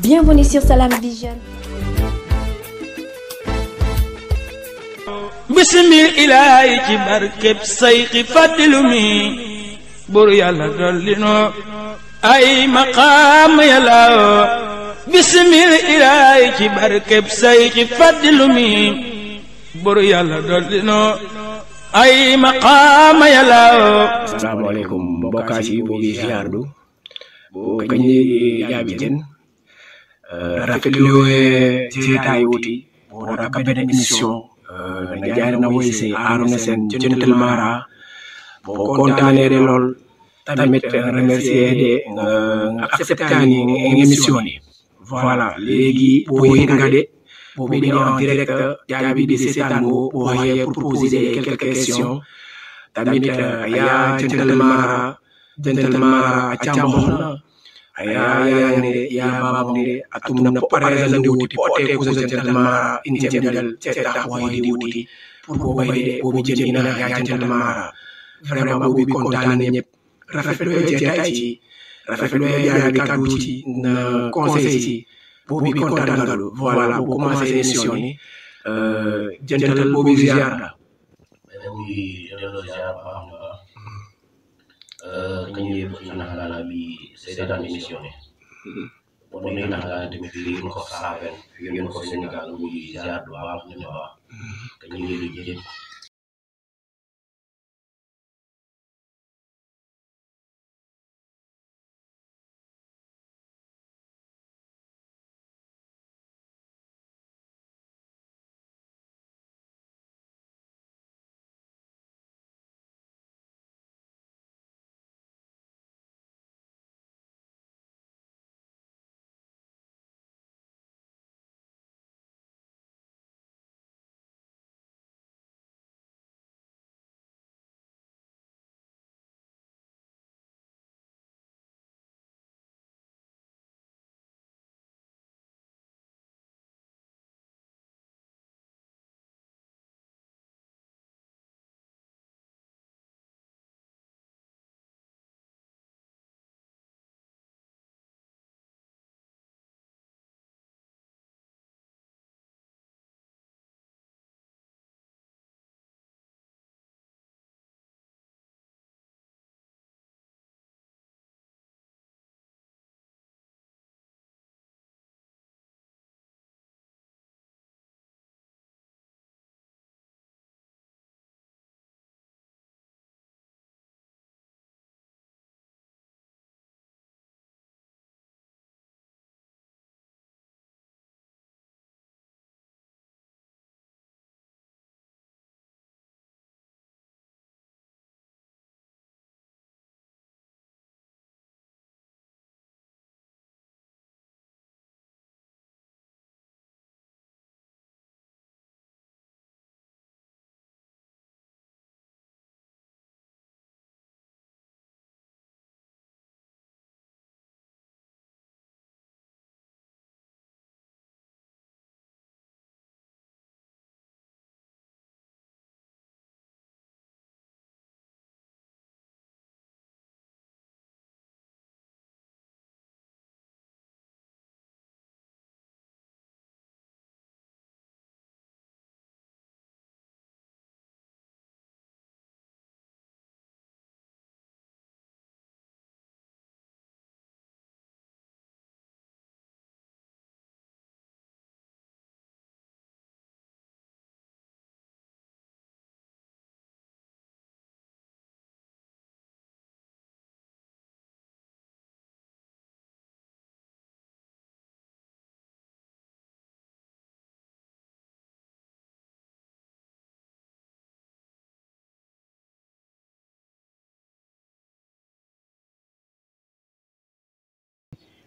Bienvenue sur Salam Vision. bismil ilaahi ci barkeb sayxi fàddilu mi bur yàlla dolli noo ay maqaam yàlla bismil ilaahi ci barkeb sayxi fàddilu mi bur yàlla dolli noo ay maqaam yàlla. asalaamaaleykum mbokkaas yi boobu ziar du kañ jaabi jën rafetluwee jeetaay wuti wona kaɓɓeɗe émission no jayrina woyse aruna sen jentel mara bon contanede lol tamit remercier de acceptani émission ni voilà legi ɓoyingaɗe ɓoɓiɗi en direct jaaɓiɗi setan mo ɓoye pour poser quelques questions tamit ya jentel mara jentel mara a cambohna ayayande yababamde atumna parel nde woti pote kusojantalma inde jamdal ceɗɗa hoyde woti pour ko ɓayde bomi jenina yajantal mara vraiment bomi contane ñep rafetɗo e jeetaji rafetɗo e yaade kaduji no conseil ji bomi contane ngalu voilà bo commencé émission ni jantal bomi jarɗa oui eɗeɗo jarɓa Euh, kanye na halala bi seetaan émission mm-hmm. ne wona ina halala demi fiin ko saafen fiin ko sénégal wuyi jaar do waax ne waax kanye lu jeet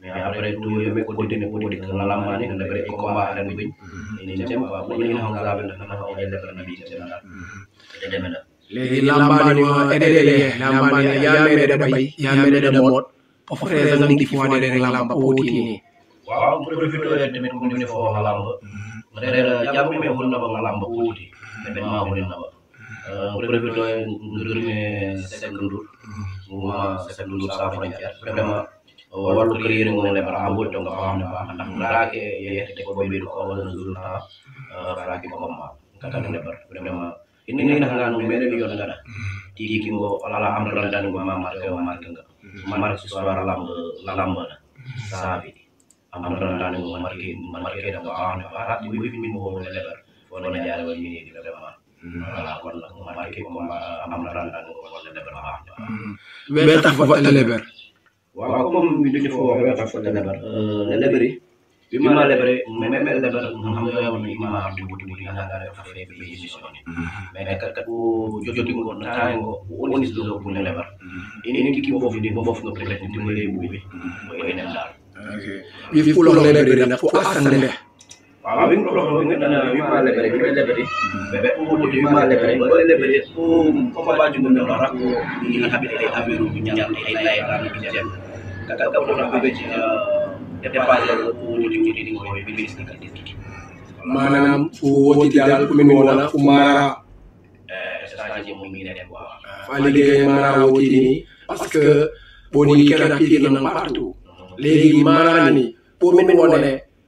mais après tout yooyu continuer politique lalamane anda bere combat aren buñ nin cem ba bu ñu xam zabe ndax na on yalla na bi cem na de deme na legi lambani wa edele lambani ya mere de bay ya mere de mot po fere da ngi fi wane rek lamba oti ni waaw profito ya tamit ko ñu fo lamba rere jabu me won na ba lamba oti be ma won na ba profito ya ngurme sekundur ma sekundur sa frontière vraiment woto kriri ngole bara hambul to ngam na ba nak narake ye te ko be do ko na na raki ko ma kata ne bar vraiment ini na ngana no mere mi yona ngana ti ki ngo ala am ran dan ngo ma nga mar su suara lam lam na sabi am ran dan ngo mar ki mar ki da ba na ba ti wi mi mo wala na jara wal mi ni da ba wala kon la mar ki ko waaw comme bi ci foofu waxee fa lebar lebari bi ma lebare mais mais lebar xam nga yow ni ma am dubu dubu ni ala ala fa fe bi ci soni mais kat kat o jojoti ngo na tay ngo onis do ko ne lebar ini waaw wi ɗo ɗoina wima lebere ɓe lebere ɓeɓe ɓuuɗe wima lebere ɓe lebere ɗo komabaji gum ɗon ara ina haɓiɗe affaire uji ñamɗe hay layaɗano jen kaka ɗaɓɗoɗa ɓeɓeji que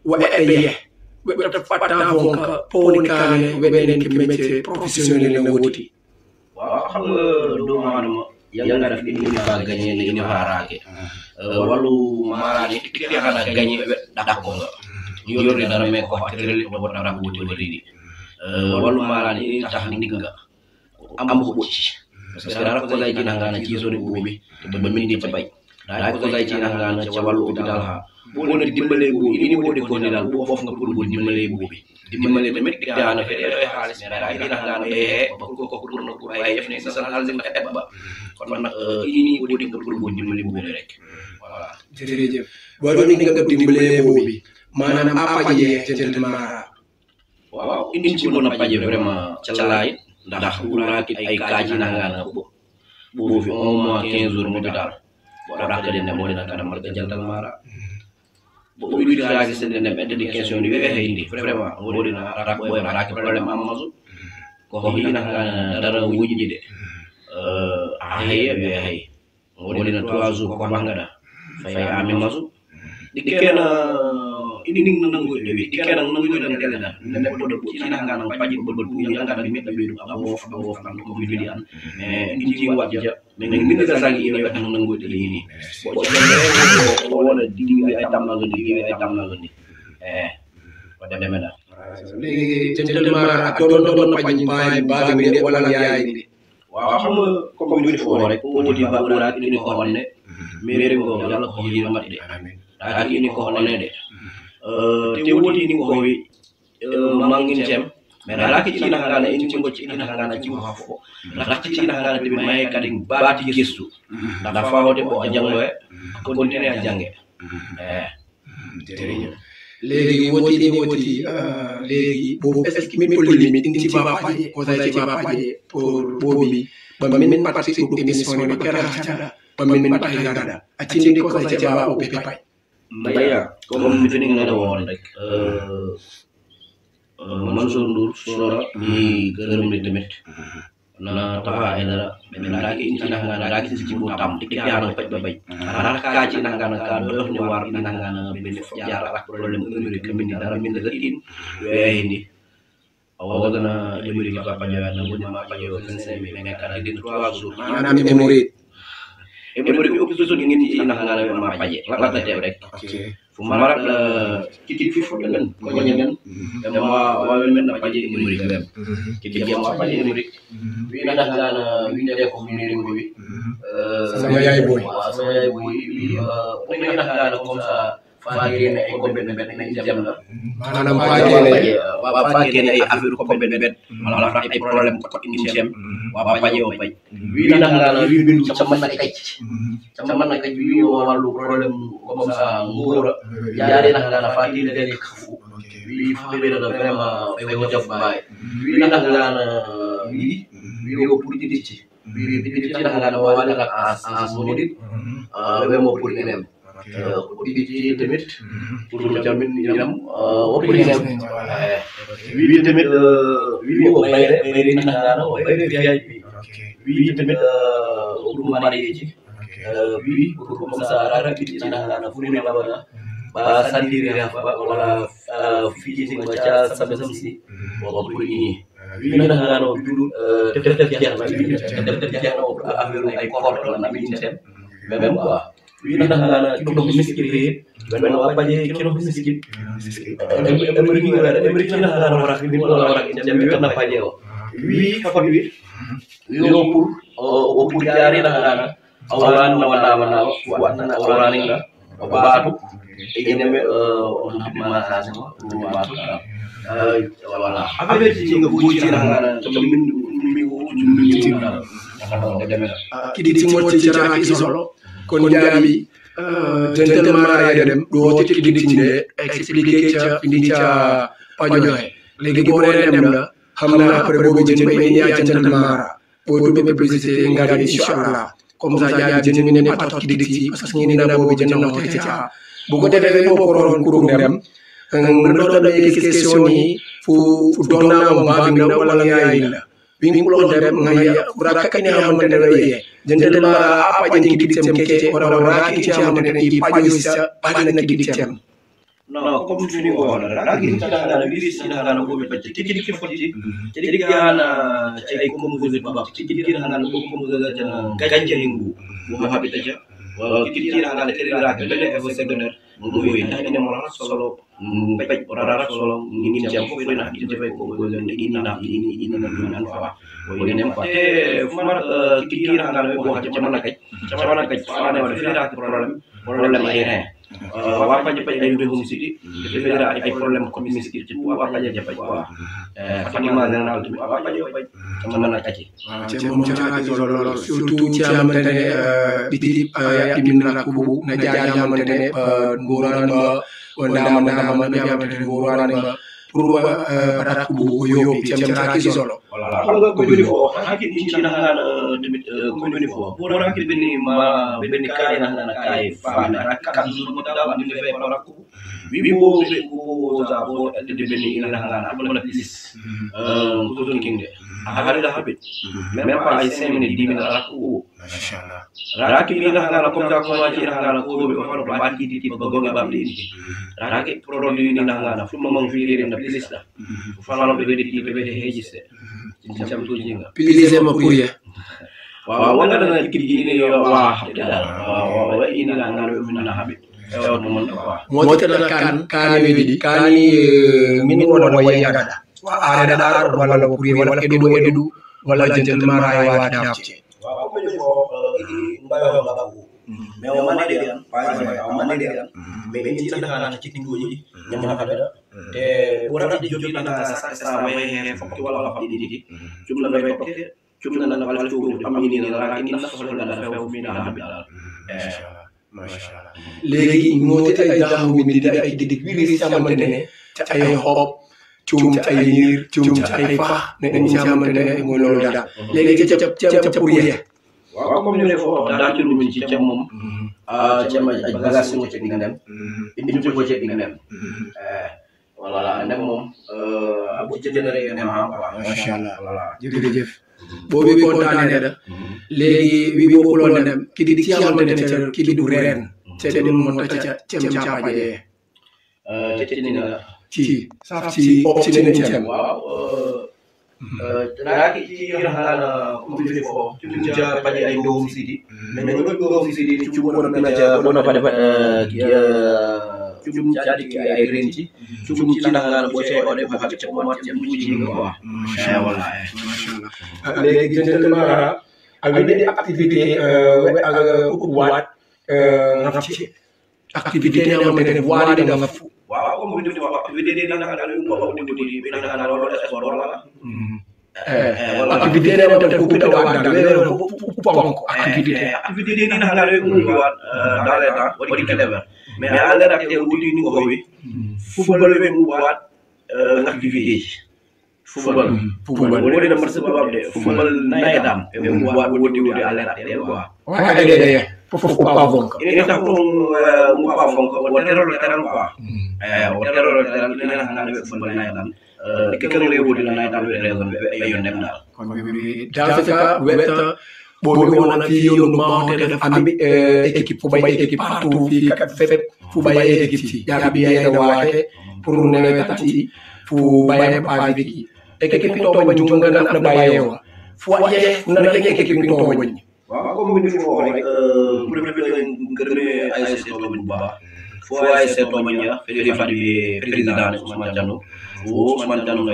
wa eɓe watafuata vonka poonekane weneen ki métier professionnel na woti waaw xam nga doomu adama yanga def ini fa gañe ni ini fa raage eh, walu maarani tikte xana gañe dakko nga yori dara me ko fatirel do bo dara woti wori a maarani ini tax ndinga am ko boci parce ba bay laaj ko lay ci ilahlana ca wàllu ubbi daal ha boo nag dimbalee boobu ini woo de ko ne daal boo foofu nga pour boo dimbalee boobu dimbalee tamit daana fe ɗeɗo haalis me raa ilahlana ee bakko ko pour na pour ay yefne sasan alzim heɓ ba kon man nag ini woo de pour boo dimbalee boobu rek voilà jërëjëf boo doon ni nga dimbalee boobu maanaam a paje gentleman waaw indi ci mën a paje vraiment ca laay ndax wuraaki ay kaaji nangaana bo bo fi un mois quinze jours mu daal waɗaɗa ɗen nemone tan kaɗa marga jantal maɗa bo ɓoyɗoytiraki seɗe neme ɗeɗi question ni wewe heyndi vraiment woɗina araka ɓoye araki probléme ammaso ko hoyinakana dara wujji ɗe a heye wewe hey woɗina trois jours ko mahgaɗa fayi amin maso ɗi kena inin na nango dewi dikera nango dan telela nende bodo kina ngana pajin bodo yang ngana di meta bedu abo abo kan ko milian eh inji wajja neng minda sangi ini wajja nango dewi ini bo jaga ko wala diwi ay tam nango diwi ay tam nango ni eh wada demena legi gentleman ak don don pajin pay baga mi de wala yaay ni waaw xam nga comme mbir foo rek ko di bagura ini ko wonne mere ko yalla ko yi ma de amin daa ini ko wonne de tewoɗini koye manginten mais ala ke ƴina hagana en tingo ƴina hagana jiwo ha fofo rakki ƴina hagana deɓe maye kadi baati gestu nda fawode o a jangloye continue a jange eyi léegi wotiɗe woti léegi bo est ce que min ɓollimi intima paƴe osaytima paƴe pour ɓoobi bamin partie ɗum émission ne kera hatara bamin paƴe gaɗa a tindi kosaytima o ɓe paƴe Mbaye ah, comme mm. fi ni nga doon rek. Mm. Euh, euh, Mansour Ndour Sora. ñuy mm. gërëm di tamit. na taxa ay dara ɓe naaki inci nangana naaki siji bo tam tikano paj ba bay ara kaci nangana ka dox ni war ni nangana ɓe fo jara ak problème numérique kamini dara min daga in weyni awagana numérique ka pañoyana bonima pañoyo 25 mai nekana din 3 jours manam mémorie émeri upi toujours ñu ngi ci naxalaala ma paje lata teew rek fumarab kiti fifo ɗenen koñenen ema wawen men na paje émeri quand même kiti ma paje émeri wina naxalaala windede ko minirigo wi sama yaay ah, boy sama yaay boy wi wina naxalaala comme ça faagee ne ay combine benn nañ jam la maanaam faagee ne ay affaire combine benn mm-hmm. wala fax ay problème ko indi jam waa bañe yoo bañ wii nag laa la wii bind ca na kaj mm-hmm. ca na kaj wii yoo wàllu problème comme ça ngóora yaari nag laa la faagee ne dali kafu wii faagee ne vraiment ay wajab baay mm-hmm. wii nag laa la wii wii yoo pour di dicci wii di dicci wala la as as mo nit wemo pour inem te ci tamit. pour que tamit ñu am. wópp ñu dem wii tamit wii ko bayre bayre ñu naan bayre VIP wii tamit pour mën a ci. wii pour comme ça rapide ci naan fu ñu ne la ba sandiri rafa wala fiji ni cha sabazamsi wakulini vile hano vidudu tete tete tete tete tete tete tete tete tete tete tete tete tete tete tete 위로다가 기록도 미스키리 왜냐면 아빠지 기록도 미스키 에머리 에머리 기나 하라 하라 기니 몰라 하라 이제 메가 나 파지요 위 카파 위 위로풀 오풀 자리 나가라 awalan na wala wala wa na awalan nila babato igene me on ma sa mo ma wala abe ci nga bu ci na ngana to min mi wo min ci na ngana da demela ki di ci mo ci jara ki solo kon jaami gentleman raya ɗen ɗo tetti ɗiɗitinde expliqué ca findica paño he legi ɓore ɗemna hamna après bo ɓe jen ɓe ya gentleman mara ɓo to ɓe publicité ngari inchallah comme ça jaaɓe jen minen atat ɗiɗiti par ce que ñinina bo ɓe jennawtete ca boko defeɓe ɗo kororon kuru ndem ɗoɗo pinkulonde rakkine hammande no wiye jendele mara apaƴen kiɗitem kece oɗo rakice hammande no i paƴosa ɓaɗina kiɗitem no comme joni gohono raki taɗaɗana wiris taɗaɗana ɓoɓe bacce tiɗiɗi ke fotti tiɗiɗi hana cay composé babak tiɗiɗi hanana ɓo composatana gañce hengu womo haɓitaca tiɗiɗi hanana ɗeɗiraki bele efo secondaire mbaɗ orarak solon ginin jam fof ena hakkille fay koɓolen inninaam ini inninaam an fawa oyenem quoi te fumar kittira ngal ko ha jamana kaj jamana kaj fane waɗa feeraki probléme probléme aérien wafaje paƴ ay ndehum siɗi feera ay probléme commune siɗi wafaje je paƴ quoi fatiment général tumi wafaje paƴ jamana kaci cemom cagaki lolol surtout ciamantene ɓiti yaɓɓiminala kuɓu na jaƴamantene ngoranoa wanda amanna amanna ɓe amantani ko wurwanima pour baɗat ko yoɓi jamtaki solo wala ko joni fo hakkil incina halana ɗumit ko joni fo ɓoɗon hakkil ɓenni ma ɓenni kaye na halana kaye faana rakka kam mo dawa ɗumde fe rakku wiimo ɓe kumoza bo ɗeɓɓe ni inaɗahalana ɓola plis kotoni kinde ahaɗaɗa haɓe même pas ay cinq minute dix minute ala ko uwo rake inahalana comme ça komaji inahalana koɓe o fano ko aɗɗiɗiɗi bagoge ɓamɗe ɗiɗi rake produit inahalana fumma man firirena plisɗa fano ɓe ɓeɗe ɗiɓe ɓeɗe hejiste jam tojinga plisé ma pouye wawa wongaɗana kidigi ine wa haɓɗeɗa wa wa innanaɓe minana haɓe motiɗaɗa kaane kaan kaani min wona wayiyaɗaɗa aare ɗaɗaar walla pourri walla eɗuɗo eɗuɗu walla jentelmara e wawi dafte mais o manɗeɗe an o manɗeɗe an mais ɓen tiɗata hanata cikkinjoji ñamata kaɓeɗa te wonata jogiɗata sa waye hen fofte walla wala famɗiɗiɗi cumɗa waye fofte cumɗa nana wala cowɗi amminina raka inna foftoɗaɗa few mina hambi alal macha allah léegi ñoote ay daaw mi di ay digg wiir yi xamante ne ci ay xob cium ci ay niir cium ci ay fax ne dañ ci xamante ne mooy loolu daal léegi ca ca ca ca bu yeex waaw comme ñu ne foofu daal ci luñ ci ca moom mm-hmm. ah, ca ma bagage mm-hmm. ko ci dingam indi ko allah boobu bi kontaanee da léegi bi bokkuloon na ki di ciyawante ne ca ki di du reen ca di mu ta ca cem caapajee tetinina ci saf si optinen cem waaw tanaaki ci yonahaana kumpife fo cuja paƴe ay ndowum sidi mais ñoɗo ɗowum sidi cuɓonona pade cum caɗiki ay renti cum cillangal bo ceeɗoɗe ko hakke ko watte mujiɗiga quoi machallah léegi justement avec des activités waat nafti activité amatene waɗiɗa naftu wawa comme ɗum activité ɗe nanagal ɗum ko ɗiɗiɓe nanagal waɗo sport wala activité ɗe wonten huppiɗo wadda weere huppa wonko activité activité ɗe nanagal ɗum waɗ dans les temps waɗi kelewer mais ala nate wuti ni ko wi football ɓe mbuɓat activité ji football football wonino marsibo wamde football nayeɗam ɓe mbuɓat wodi wodi alerte ɗe quoi fof ko pavonka ene tax ɗum mo pavonka o terol teran quoi eyi o terol teran enen hannde ɓe football nayeɗam ke kerole wodi no nayeɗam ɓe raison ɓe yo ndemdal kono dans ce cas wetta ɓoɓe wona a mawtere ami équipe fo ɓay équipe partout fi fep fo ɓay équipe yaaɓi yeyde waake pour newe tati fo ɓaye paaviki équipe toɓa junga naɗa ɓayewa fo aƴe nana équipe toɓoñi waaw comme mini fo rek premier ASC toɓoñ baa fo ASC toɓoña feɗi fadi président Ousmane Diallo fo Ousmane Diallo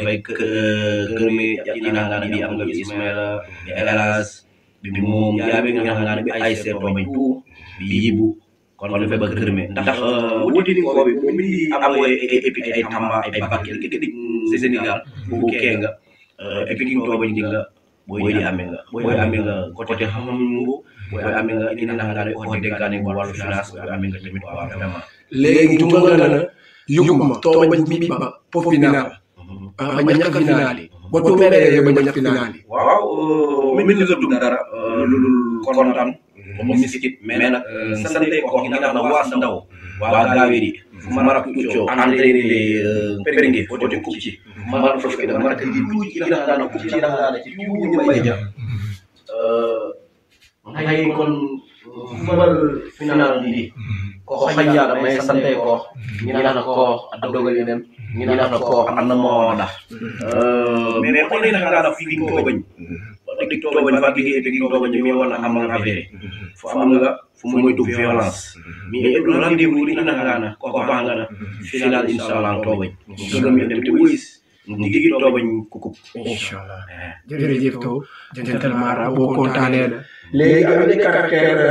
e Elas bi moom jaabe nga nga be ay seeto bañ tu bi yibu kon lu fe ba kërme ndax euh, wuti ni ko bi mi abo ay épité ay tamba ay bakel ke dik Sénégal bu kenga e euh, pikin to bañ dinga boy di amé nga boy amé nga côté xamam ngu boy amé nga ina na ngale ko dégané ko walu finance boy po final a ñaka finali ba tuubee ba ñàkk finaal yi waaw min ni tudd dara lu lu kontaan moom miskit mais nag sante ko wax na waa ndaw waa gaawiri mara kucco entraîné perenge foti kupci mara fofi da mara kadi tuuji ila dana kupci ila dana ci tuuji ma ja hay kon fubal final ligi kooku xajjaada may sante koox ñinana koox a dogali den ñinana koox anna mooda mais mais kono ina gara figi tobañ dik tobañ fa dige dik tobañ fo am fo moy tu violence mi e do rendez-vous ina gara na ko ba nga na mm-hmm. final inshallah dem te ñu ngi toobañ kukub. incha allah eh. jërëjëf taw. Mara boo kontaanee la. léegi am na euh, caractère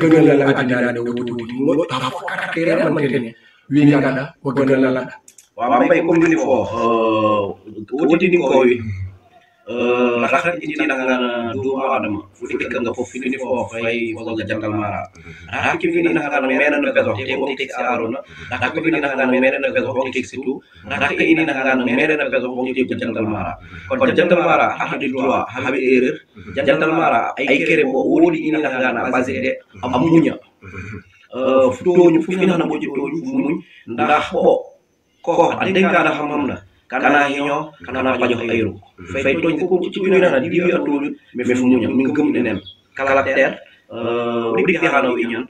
gënal la la addinaa ne euh, wuti wuti moo tax caractère la mante ne laxaɗi tinagana duma adama futikanga fof fitini fo fay jangal mara hakki fininagana menano peso te on tiksi arona hakki fininagana menano peso on tiksi tu hakki ininagana menano peso on jego jangal mara kono jangal mara haɓe droit haɓe erreur jangal mara ay kere mo woni ininagana basé ɗe a muña futoñu fof inana moƴƴitoñu muñ ndax o ko a denkaɗa hamamna kana heño kana paƴo ayru fay toñ a cuɓinana diwi a tuuɗi mais fo muña min gëm enen caractére rigdi hano iñon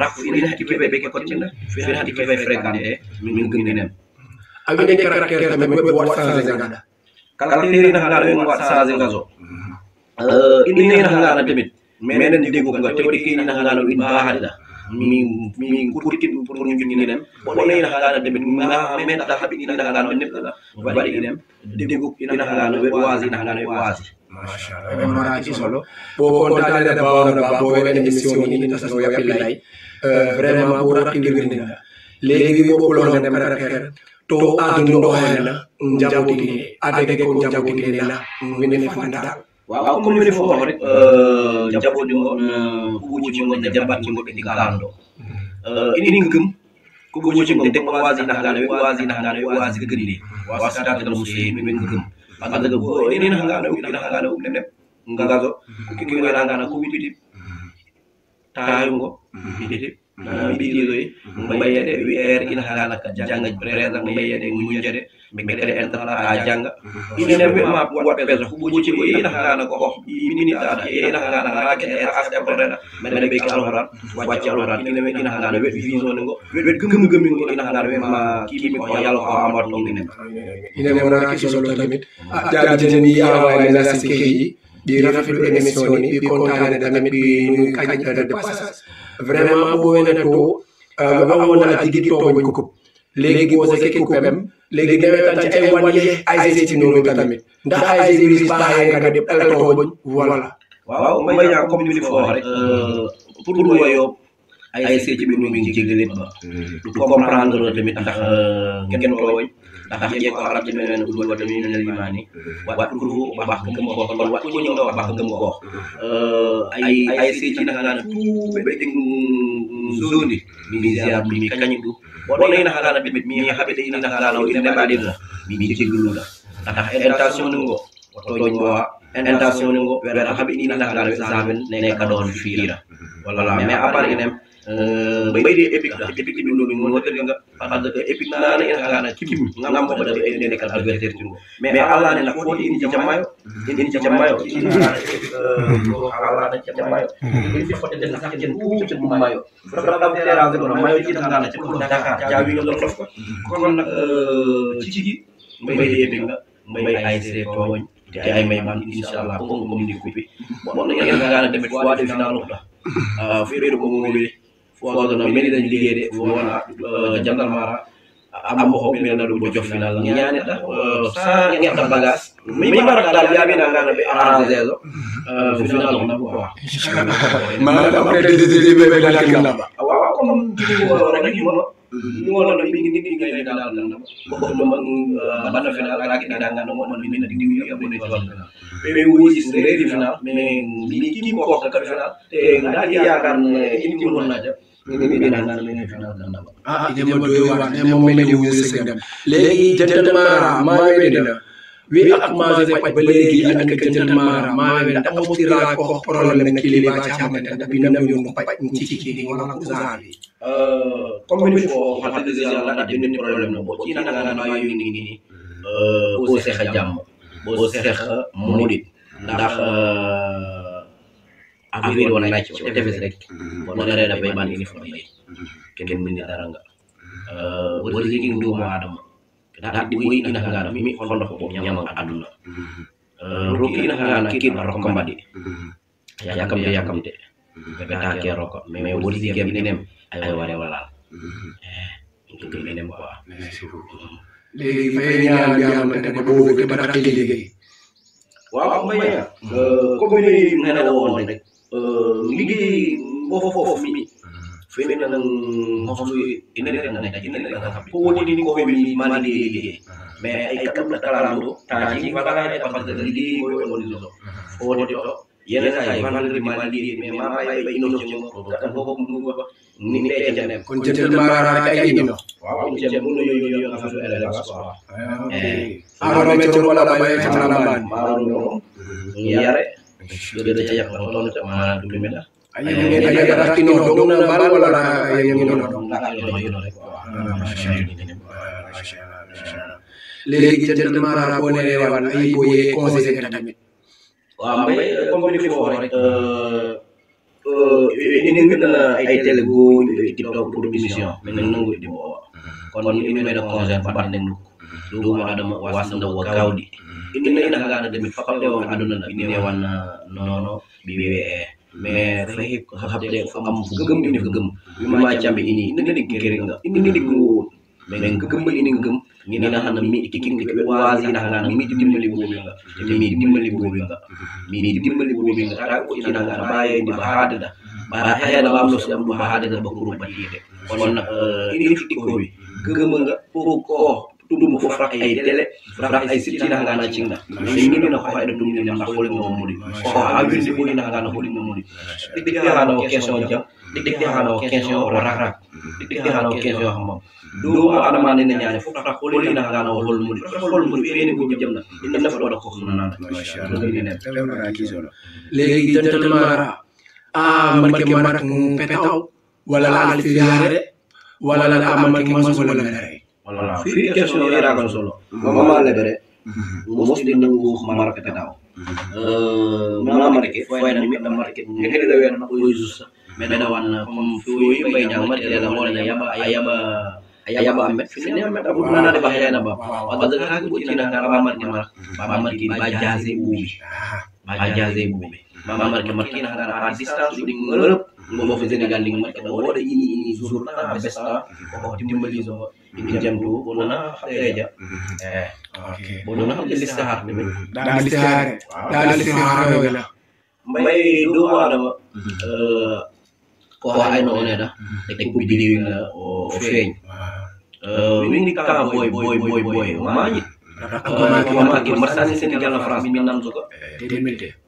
raf ina hati keɓe ɓe ke kottinda fina hati keɓe fréquenté min gëm enen a wiña caractére men ɓe wat changé gaɗa caractére ina halaɗo en wat changé gaso ina ina halana tamit menen déggu ga teɓɗi ke ina halano in mbahaɗiɗa mi min kurkiɗum pour mi joginirem wona ina halaala deɓe men ta haɓi ina halaano nefɗa waɗi inem dego ina halaano ɓe waasi ina halaano ɓe waasi machallah maraji solo ɓo kontaade dabawano ba bo weɗen émission ni tasa so yaɓɓillay vraiment ɓo rakkilirninga leydi yo ɓolonen préfére to adunɗo hena jawtini adege ko jawtinena winen fandata waaw comme ni fo rek jabo di ngon kubu ci ngon da jabat ci ngon di kalando mm-hmm. euh, ini ngum kubu ci ngon de wazi na ngana we wazi na ngana we wazi gedi wasa da da musi mi ngum anda da go ki ki ngana ngana kubu ti mm-hmm. tayungo mm-hmm. ti mbitiɗoy mbayyeɗe wi'ere ina haala ka jannga présent mbayyeɗe muñjede mbeɗeɗe intala ha jannga ine wi'ma waɗ peso ɓuuci ko ina haala ko oh miniɗaɗa ina haala rakeɗe asɗeɓoɗeɗa mbeɗe ɓe ki alhoran wacci alhoran ine ina haala weɗ visione ngo weɗ gëm gëmi ngo ina haala wema kimi o yalla o amad ɗum ine ine wonaki solo tamit ah, ah, jaabiten yi awayne nasin keeyi ɗi rafetlu émission ni ɗi contane tamit ɗi kañƴaɗade passage vraiment moving at all. Um, I want to dig it on you cook. Legi was a kicking kupem. Legi never touch everyone yet. I say to no tamit. That I say is by and the alcohol. Voila. Wow, my young community for it. Put away ASC ci biir ñu ngi jéggi nit ba. Mm. du comprendre loolu mm. tamit ndax mm. euh, kenn tooñ ndax jéeg ko arab wa tamit ñu ne limaa ni waat ko wax gëm ko wax kon waat ko ñëw nga wax wax gëm ko wax. Euh, ay ASC ci naxalaan tout ba dégg zone yi. mi ziar mi kañ du. boo nee naxalaan la mi jéggalu la ndax intention nu ngo tooñ wa intention nu ngo wera mbayiɗe épic ɗa épic ɗum ɗum notere nga par ce que épic nana en alana kim gammo ɓaɗaɓe ene nde kala advertaire tun mais alane nak foti ini jammayo ini jammayo alana jammayo ini fotede nakkaten kuucen ɗum mayo ɗaɗaɗerage ɗona mayo jiɗa ngana ceko dakar jawino ɗon ɗof kono nak cigui mbayiɗe épic nga mbayi ayc towoñ te ay may man inchallah kongo komni kuppi bon en ngana deɓet fois de final ɗa feere ko momoɓe foogana meli dañ liggeyde wona jandarmara amma hoɓe ɓennaɗo mo joffinal ñaneɗa sa ñetta bagage mi mbaraka dal yaaɓinagaɗa o final ona ko wa a okkadededeɓe dalakilnaba a comme regimo wonano ɓigiɗiɗigaɗaɗaɗa baɗa final arakiɗaɗagano wonan mina diwi abone jolɗa ɓe woji reedi final mais mbi kimo kokka kadi final te gaɗa yakarn ah ine ma doy waar ne moom mel ni wu sëg dem léegi jantal maara maa wede na wi ak maa se faj ba léegi ak jantal maara maa wede da mo tira ko problème na kili ba cha ma da bi nam ñu ko faj ci ci ki wala ko zaabi euh comme ni fo hatta de yalla da ben problème na bo ci na na na yu ni ni euh ko se xa jàmm bo se xa mu dit ndax euh abiri wananchi wa Tembezi Lake wanarera beban uniform lake ken min daranga wori jigi nduma adama daɗɗi ɓoyi ina hagana mi hollo ko ñama aduna roki ina hagana kirɓa rokko mbaɗi yakamte yakamte ɓeta ke rokko mais wori jigi am inem ay ware walal inem quoi léegi fay ñaan bi xamante ne boobu te baɗa liggéey waaw maya comme ni nene woon rek 미리 뭐뭐뭐 미 femenan hoso inere nan ta jinere nan ta ko woni ni ko be mi mani me ay kam na kala mo ta ji wala ay pa pa di ko woni lo o ni to yene sa ay man ri mani me ma ay be ino jom ko ka ko ko mu ko ni ne ke jane kon jete ma ra ra ay ino wa ko jete mo no yo yo yo na fa ala la sa eh a ro me to wala ba ay tan na man ma ro yare Jadi dia yang nonton sama dulu mana? wala na ye ko se se tamit. Wa may company ko rek ini kita ay telegu TikTok production. Menang nang di Kon ini ada konser pandang doomu a wasna wo gawɗi inde innagaɗo demi fabɓe on aduna ine wanna noono ɓe wewe e mais fahi ko haɓde am fo gëmɗine ko euh, gëm wima camɓe ini nani kerega innini gowol mais gëmmal ini gëm ngina hana mi kikinga ɓe wasina hana mi dimbali boɓinga te mi dimbali boɓinga mi dimbali boɓinga ta ko inaga mbayedi ba haadada bara heeɗa wamlosi am ɗo haadada bakuru baɗiɗe kono ini fiɗɗi kowi gëmanga ko ɗum fof rak ay télé rak ay sittinaagana cinna e ñimina ko hayɗo ɗum ñinaka holingo o muɗi ko ha windi ɓoyinagana holingo muɗi ɗiɗɗihana o question jam ɗiɗɗihana o question o rakrak ɗiɗɗihana o question hammam dow adama nene ñaane fof rak holinagana o hol muɗi hol muɗi ɓeyni ɓoji jamna inna nafa ɗoɗa ko hunanana léegi jontanemara a manke marak mu wala laal fiyaare wala laal amanke masgolomere wala fii question yeeraaka solo mama a mosɗi nangu marque taw mana marque foyna miɗɗa marque ngede wena koye justa mbeɗa wanna comme foyi mbay a yaɓa a yaɓa a met fine met a ba hena ba wadada hake ba jase ɓuuɓi ba jase ɓuuɓe ɓaɓa marque marquina haɗaɗa ha distance ngomofe sénégal ndin maɗɗa woɗa ini ini jour ala besta o timmaliso ɓe jam to wonona haɗereja wonona haɗe listihare men ɗa listihare ɗa listiharewela mbay ɗo waɗama ko hayno oneɗa e kubbidiwinga o feeñ winni ka boy boy boy boy mañit akoma ke marsane sénégal france min namsuka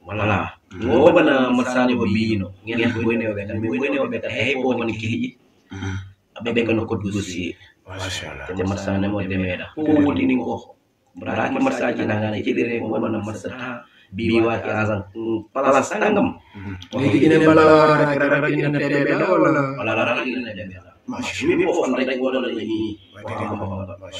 wala o bana marsane o mbiyino ngene boynewoɓe tan mais boynewoɓe tan hey ko woni kihiƴi aɓe ɓegano ko dossier te marsane mo demeɗa ko wodini ko braki marsaji nagane asan place sangam mashi ne ko fon rek wala ne ni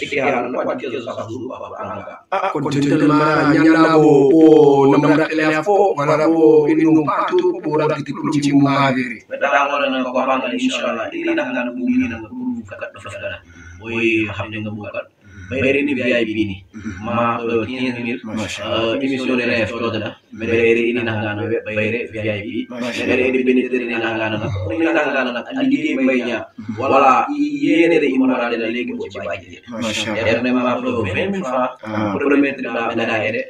ikiyar na kwa kiyo sa su ba ba anga a kontinel ma nyala bo o namra ele fo mara bo inu patu pura kitu kumchi maviri da wala na ko ba anga inshallah ili na ngana bu ni na ku ka ka fa oy xamne nga bu ka bayri ni vip ni ma 15000 émission de rêve do da മെരേരെ ഇനി നാങ്കാണ് ബൈരെ V I P മെരേരെ ബെനിറ്ററി നാങ്കാണ് ഇനി നാങ്കാണ് അല്ലിയെ മൈഞ്ഞ വല ഏനേരെ ഈ മൊറാലിലെ ലേക്ക് പോയി ബാക്കി എന്നെ മാഫ്ലോ മെയിൻ ഫാ പ്രമേത്ര നായരെ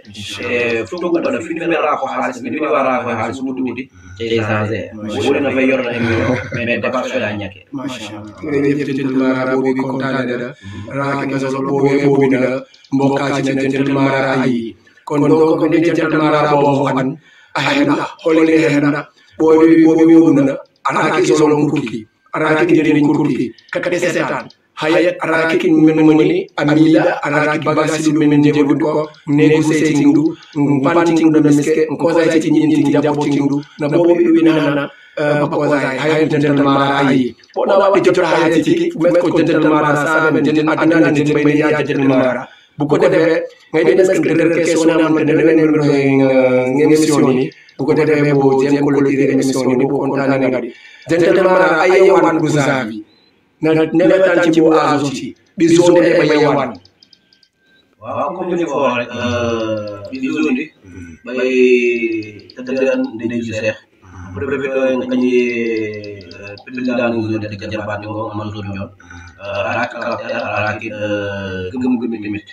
ഫുക്കു കട ഫിനി മെറാ ഖോ ഹാലിസ് ബിനി വറാ ഖോ ഹാലിസ് മുട്ടു മുട്ടി ജേസാസെ ഓരന ഫയർ മേ മേ ടെപാഷ ലാഞ്ഞാക്കെ മാഷാ ബോബി കൊണ്ടാനേര റാക്കി കസോ ബോബി ബോബി ദ mbokkaa ci ne jënd maara ay kono ɗo ko nde jaltanmara bobo an a hena holle hena ɓoɓe ɓoɓe wonana araki solon kurki araki ndenen kurki kadi setan hayat araki men moni amila araki bagasi ɗum men jewdi ko négociating ɗu panting ɗum meske kosati ñinti jabboting ɗu na boɓe winana bakozaay hayen dental mara ayi bona waɓe jotora hayati tigi met ko dental mara sa men den adana den bayni ya dental mara bu ko defee ngay dem scrutin question naa man dana leen doxee émission yi bu ko defee boo jéem ko lotire émission yi bu nga di gentleman a yewan guzaabi na nemetan ci bu azuti bi zone e ba yewan waaw comme ni ko wax raak raak eh, eh, eh, gëm-gëm tamit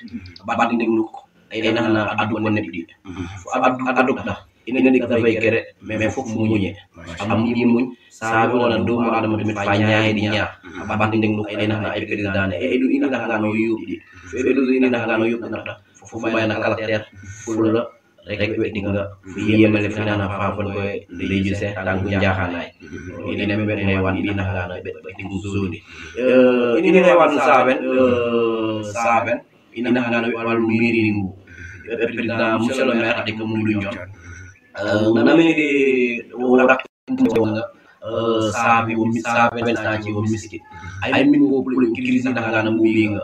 baat déglu ko ay ay naan addu ba nekk di mm-hmm. fu addu addu ndax ina dik dafay kere mais foog mu muñee am ñi muñ saa bi wona doomu adama tamit fa ñaaye di ñaar baat déglu ko ay naan ay pédé daane mm-hmm. ay du ina ndax nga no yóbbu di fe du ina ndax nga no yóbbu ndax foofu may na caractère fulla rek weddi nga fi yemale fi nana faafanko leydi se tan ko jahanay inen mbeɗe hewan mbina hana ɓeɗɗigu zoni inin hewan saben saben ina hana wallu mairie ngu président monsieur le maire ade ko muɗu jon nanamede worakga saabi saaben saji o miski ay min go pulen kirisina hana mbuyinga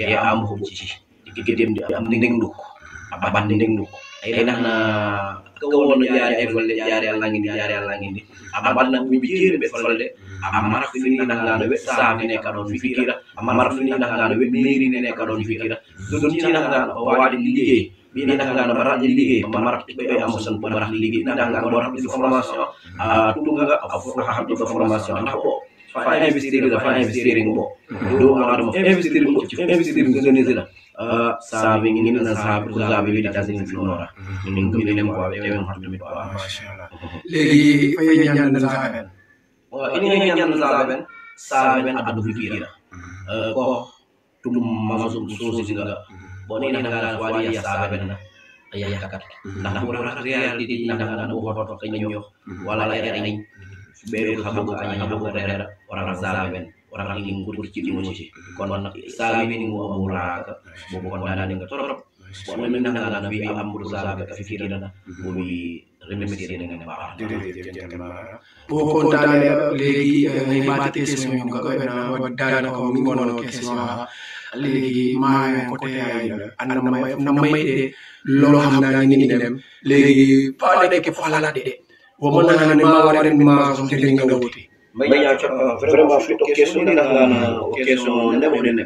e amo hobci gedemde am ndegduk a bande ndegduk Kailangan na kawano yari ay folle yari alangin yari alangin a abad na mibikir be folle amara fini na ngado be saami ne kado fikira amara fini na ngado be miri ne kado fikira dudun ci na ngado wadi liggey bi na ngado bara je liggey amara a amusan bara liggey na ngado bara information a tutunga a fo ha ha information fa investir dafa investir mbo do adam investir mbo mm-hmm. investir zonezela sabe ngina na sabe ko sabe bi ta sin flora min ko min ko be min hartu mit ba legi fay ñaan na saben wa ini ñaan na saben saben adu fikira ko tum mamasum sosi ga boni na ngala wali ya saben na ayah kat ndax mo ra reality ndax ndax mo ko to kay ñox wala ay ay ɓeɗo haɓogo kañi haɓogo ɗera waran zaɓe men waran ɗi gurti ɗimoji kono sawi wini ngo amuraga bogo kondanega torop walla min nangana no wiya amadou zaɓe ka fifirana owi remercienega mbawa bo ko dane leydi e mbate question yom ka koɓena waddana ko min gonono question ha leydi ma côté annamay nammayɗe lolo hamnani nini nem leydi paɗeɗe ke fo halaɗe ɗe 워머나 하나님 마와레는 마좀 드리는 거지. 뭐냐 저 vraiment fit occasion na na occasion na mo din.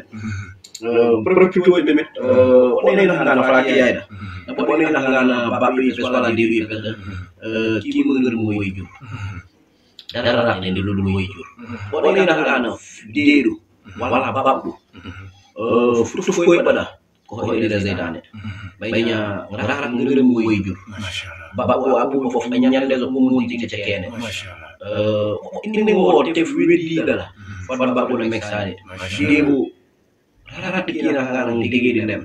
Proprio to limit euh on est na na fala ki yaina. Na on est na na babi fes wala diwi fes euh ki mo ngir moy ju. Mm-hmm. Dara rax ne lu lu moy ju. On est na na diru wala babu. Mm-hmm. Euh futu koy bada. ko hoyɗere seydane ɓayña rara ngeremu woyjur baɓɓo abbumo fof e ñande so ɓumuntike cekkene inde ngo o tef weddigala fat baɓɓo no meksani ɗiɗego rara tikkina halan degeɗi ndem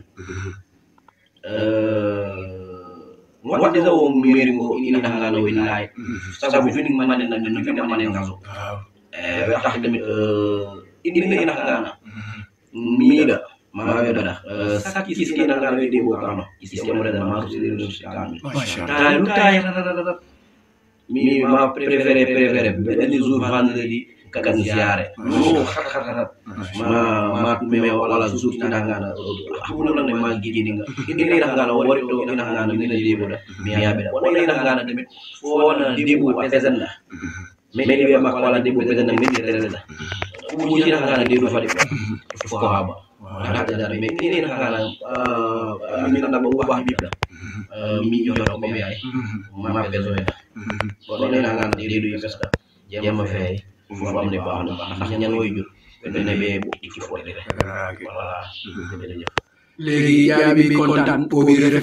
waɗde sa o mairie ngo ina halano willayi sabu fini mane nanno fini mane ngaso e taxde inde ina halana miiɗa maanaam sakisikinagala weɗimoɓano istemoɗeɗamaoɗeɗotaɓe lutayatatatata mi ma préféré préféré ɓe ɗanni jour vendredi kakan ziare o hatatatat ma matume oh, wala jour inahgana hamunanane ma giɗiɗiga ina inahgana wori ɗo inahgana mina demoɗa miyaɓeɗa wona inahgana damit fona demo a pesenɗa meni wiyama ko wala demo pesenɗa meni pesenɗa kujira kana ndio pale kwa haba daraja la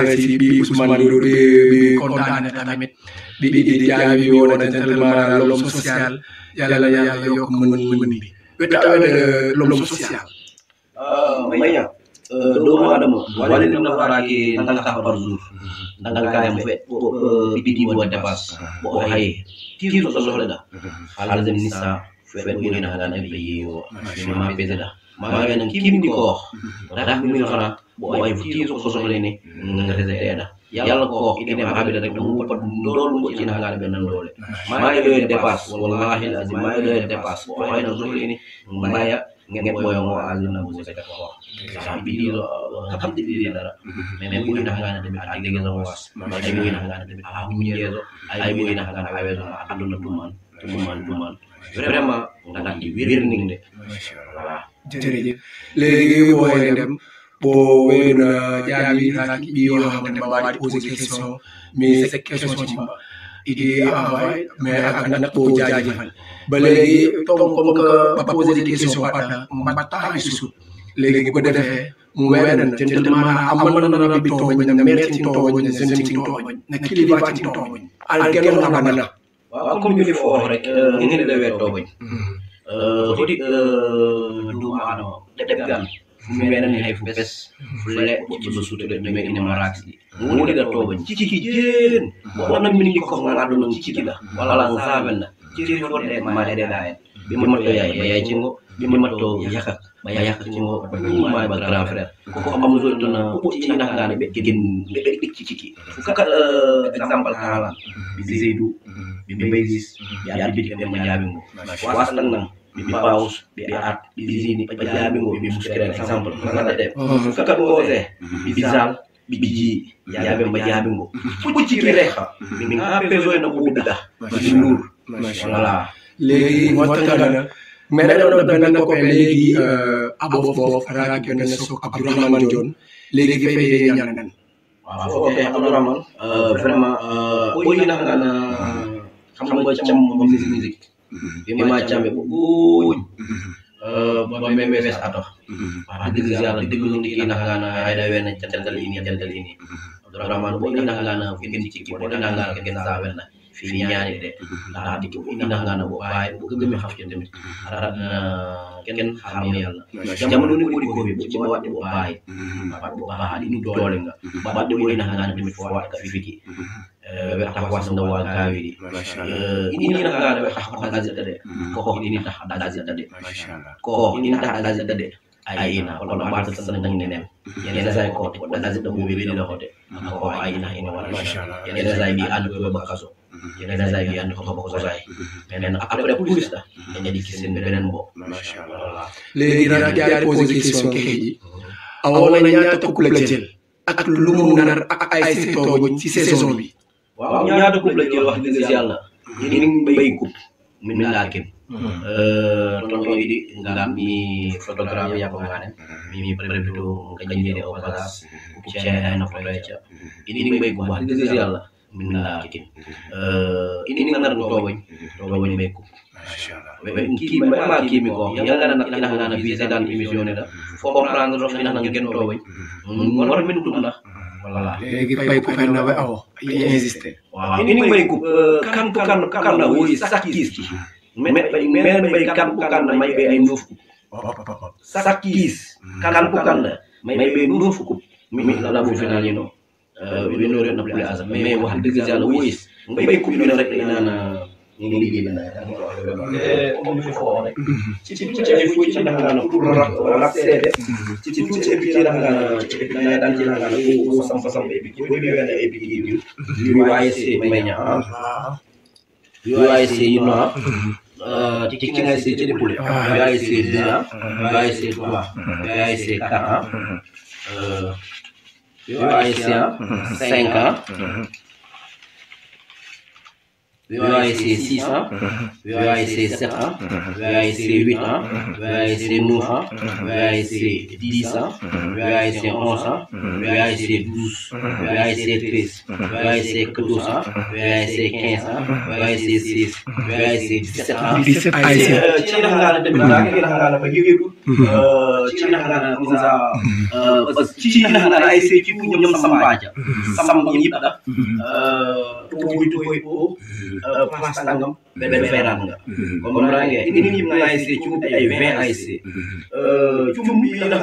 bi Ousmane Ndour bi kontaan na tamit jaabi woon na gentleman social yàlla la yàlla yokk mën-mën bi peut être l'homme social. maya doomu adama wala ni na faraki ngalaka barzuf ngalaka dem fe bidi wa dabas bo haye tizo so so da ala zani sa fe bo ina na be yo ma be da maana kimbi ko wax rafi min kana bo ay futiso ko sohlene ngata deeda yalla ko ko ene habida rek mo pat ndol mo ci nangala be nan dole ma ay doye dépasse wallahi alazim ma ay doye dépasse bo ay na zohlene maya ngene boyo ngo alina mo zaka ko sa bidi lo alhamdulillah dara men bo ina ngana de ak de was ay bo ina ngana de ak mu nyezo ay tuman tuman tuman vraiment ngana di wirning de jërëjëf léegi boo leen dem boo weyoon jaabi laaj bi yoo xamante ne ba di posé question mais c'est question ci ba idi envoyé mais ak nag boo jaajëfal ba léegi tom comme que ba posé question par na ma taxaw si suuf léegi bu defee mu weyoon na gentleman amal na na bi tooñ na merci tooñ na senti tooñ na kilifa ci tooñ al kenn na na waaw comme ñu li foofu rek ñu ne la weer tooñ hoɗiɗo ndumaano ɗemgal fu meɗen hay fo bes fulle ƴettuɗo suutuɗe ɗumen ine marati woniɗattoɓe cikiki jeen wonan min gi kofgal aɗo noon cikiɗa wala sabenna cirfoɗe ma ɗeɗeɗa en ɓimatto yay ba yay cingo ɓimatto yaka ba yay yaka ba ɗumma ba grand frère koko amazoni toon ɓoƴƴinakane ɓe gen ɓe ɗicci ciki kala exemple haalan ɓe zeydou ɓe mbaysis ɓe arbiɗi ɓe ma ɓe paus ɓe art ɓe usine ɓe jaabingo ɓe muskira exemple nagata ɗe kaka ɗo ore ɓe sal ɓe jii yaaɓe mba jaabingo fo cikire min ha peso ena ɓuuɗaɗa ɓe nur voilà léegi wattagana meɗe ɗoɗo benna koɓe léegi abof bof ara kene sok abdourahmane jon léegi feɓe ñanan waaw fokoɓe abdourahmane vraiment ɓoyinagana xam nga cam musique Imacambe bukuny mamemes ato wax dëgg yàlla dëgg lu ndi nakaana ayda wena cantal ini cantal ini a bo ni nakaana fi ci bo ni nakaana ke gena sawen fi ñaanide ndax dikki bu inangaana bo waaye bu gëmi xaf ci tamit arat na kenn xam yàlla jamono ni ɓuri koɓe bo ci bawaɗɗe bo baayi bawaɗɗe bo baali ɗum doole nga bawaɗɗe bo inangaana tamit fowaɗka fifiti ɓe ata wasanda wa gawiɗi ininagaɗa ɓe taxa dagasiɗa de koox ini taxa dagasiɗa de koox ini taxa dagasiɗa de aina kono ɓata sanang nenen yene sai ko dagasiɗa bo ɓe ɓeɗina hote ko aina ina wara yene sai mbi anduɓe ɓe yeneen saa yi yan xoxo ba xoxo saa yi mais nee na après police da dañu di gis seen beneen a macha allah léegi nag jaay posé question keeji. ñaata couple la jël. ak lu mu nar ak ay secteurs ci saison bi. waaw ñaata couple la jël wax dëgg si yàlla. ñu ngi bay couple. mi ngi laa kenn. tonton yi di ngaam mi mi mi prévito nga ñëwee au bagage. ci ay ay napp doy ca. ñu ngi bay couple wax dëgg si min nalakitin ini ngar no towoñ towoñ mekku kiimi ama kiimi ko yalgaran ina nana visé dan émission ne da fo comprendre rof ina nana gen wara min tumna voilà léegi pay ko fenn ba may ko kan ko kan kan na sakis ki mais mais bay kan ko kan may bay ay ndofu sakis kan ko kan may bay ndofu ko mi la la bu fenal ni winore na kule azam mais wax dëgg yàlla woyis nga bay kubbi na rek naa na ñu ngi liggéey na ci ci ci ay fuji ci daga na pour rak rak sede ci ci ci bi ci daga na na dan ci daga na ko sam sam bi ko bi wala e bi di di waaye se may ñaa di waaye se yi no euh, ci ci ngay se ci di pulé waaye se dina waaye se ba waaye se ka euh yo haïtien cinq ans VASC 6 ans, VASC 7 ans, VASC 8 ans, VASC 9 ans, VASC 10 ans, VASC 11 ans, VASC 12, VASC 13, VASC 14 ans, VASC 15 ans, VASC 16, VASC 17 ans. 17 ASC. Cina halala da bila kira halala bagi itu, cina halala bisa, cina halala ASC itu punya sama aja, sama pengibad, tuh itu itu. place tàngam benn feeraan nga comme raa ngee ini yim IC cumbi ay vingt IC cumbi ndax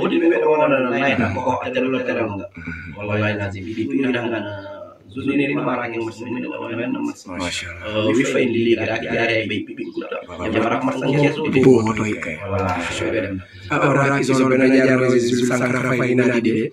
bodi ɓe ɗo wonana nayta ko adelula teral nga wallahi lazim ɗi ɗum ndax ngana zuneri marange masmine ɗo wona wenna mas wi fayndi liga ak jaare e ɓe ɓiɓɓi kuɗɗa jamarak masangeeɗo bowotoy kay wala ora isonoɓe no jaaro sankara fayinaɗi ɗe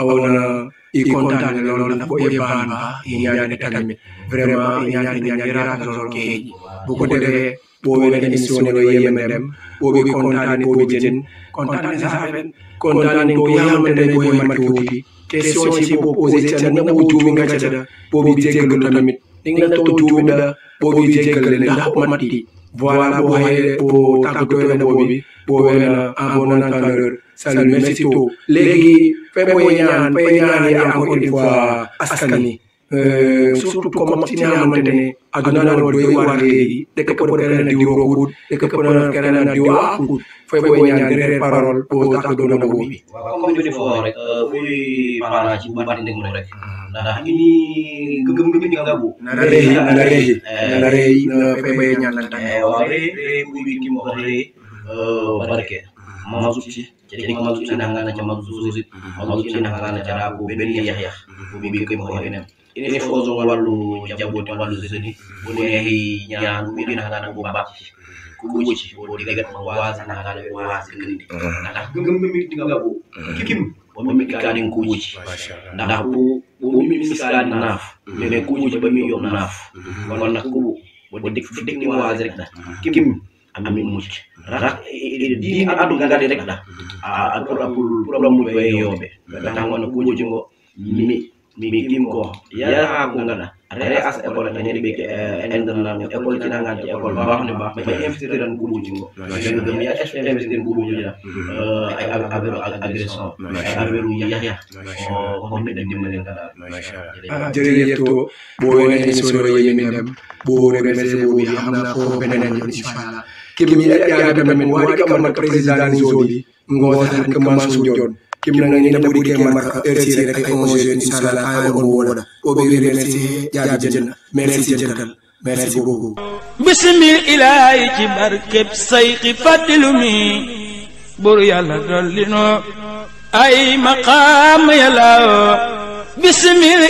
awona i kontaan lool ndax bo yebaan ba i ñaane tamit vraiment i ñaane ñaaniraan lool keej bu ko defee bo wene émission no yeme dem bo be kontaan bo be jen kontaan sa saben kontaan ko yamne de ko yemar tuuti question ci bo posé ci na bo tuumi nga ci da bo be tamit ni nga to tuumi da bo be jéggal le ndax matti voilà boo xëyee boo tàggatoo na boobi boo wéy na en bon entendeur salut tout léegi fay booy ñaan fay ñaan yi encore une fois askan surtout comme ci nga xamante ne aduna ɗo doywa leyi ɗeke poɗo kerena diwo kuut ɗeke poɗo kerena diwo a kuut foy ɓe ñandire parole ɓo tax ɗo no wowi comme joni fo na reyi na reyi na reyi na ɓe ñananta wa re re ɓuɓi kimo re INEFOS wàllu njabooti wàllu jeune bu neexi ñaan mu gën a xanaa bu baax kugoci wodi legat ma wasanakala ɓe wasikindi ndax gmmi ɗigaɓo kikim omi kaɗin kuuji ndax bo bomi miskadi naaf mene kuuji ɓami yom naaf walla kuɓo bo dikni waasi rek ɗa kim amin mucc rak dini adu rek ɗa a pour pour muƴ oye yooɓe tax wona kuuji ngo mi mikim ko yara kungana are as école ta ñani ɓeke internal école ci nangan ci école baax ne baax ma investir en ɓuɓu jingo gam ya investir ɓuɓu jida ay affaire agression ay affaire yahya ko mbiɗa dimmalen gaɗa jërëjëf to ɓoyna émission o yeminam ɓowre merci ɓowi hamna ko benenen on inchallah keɓe mi ɗaɗɗaga tamen waɗi kamarna président zoli ngotan ke mansour dione kimnanani dabo o ɓe wi remercie jaaji jenna barkeb sayqi faddilu mi buru ay maqaam yàllaw bisimil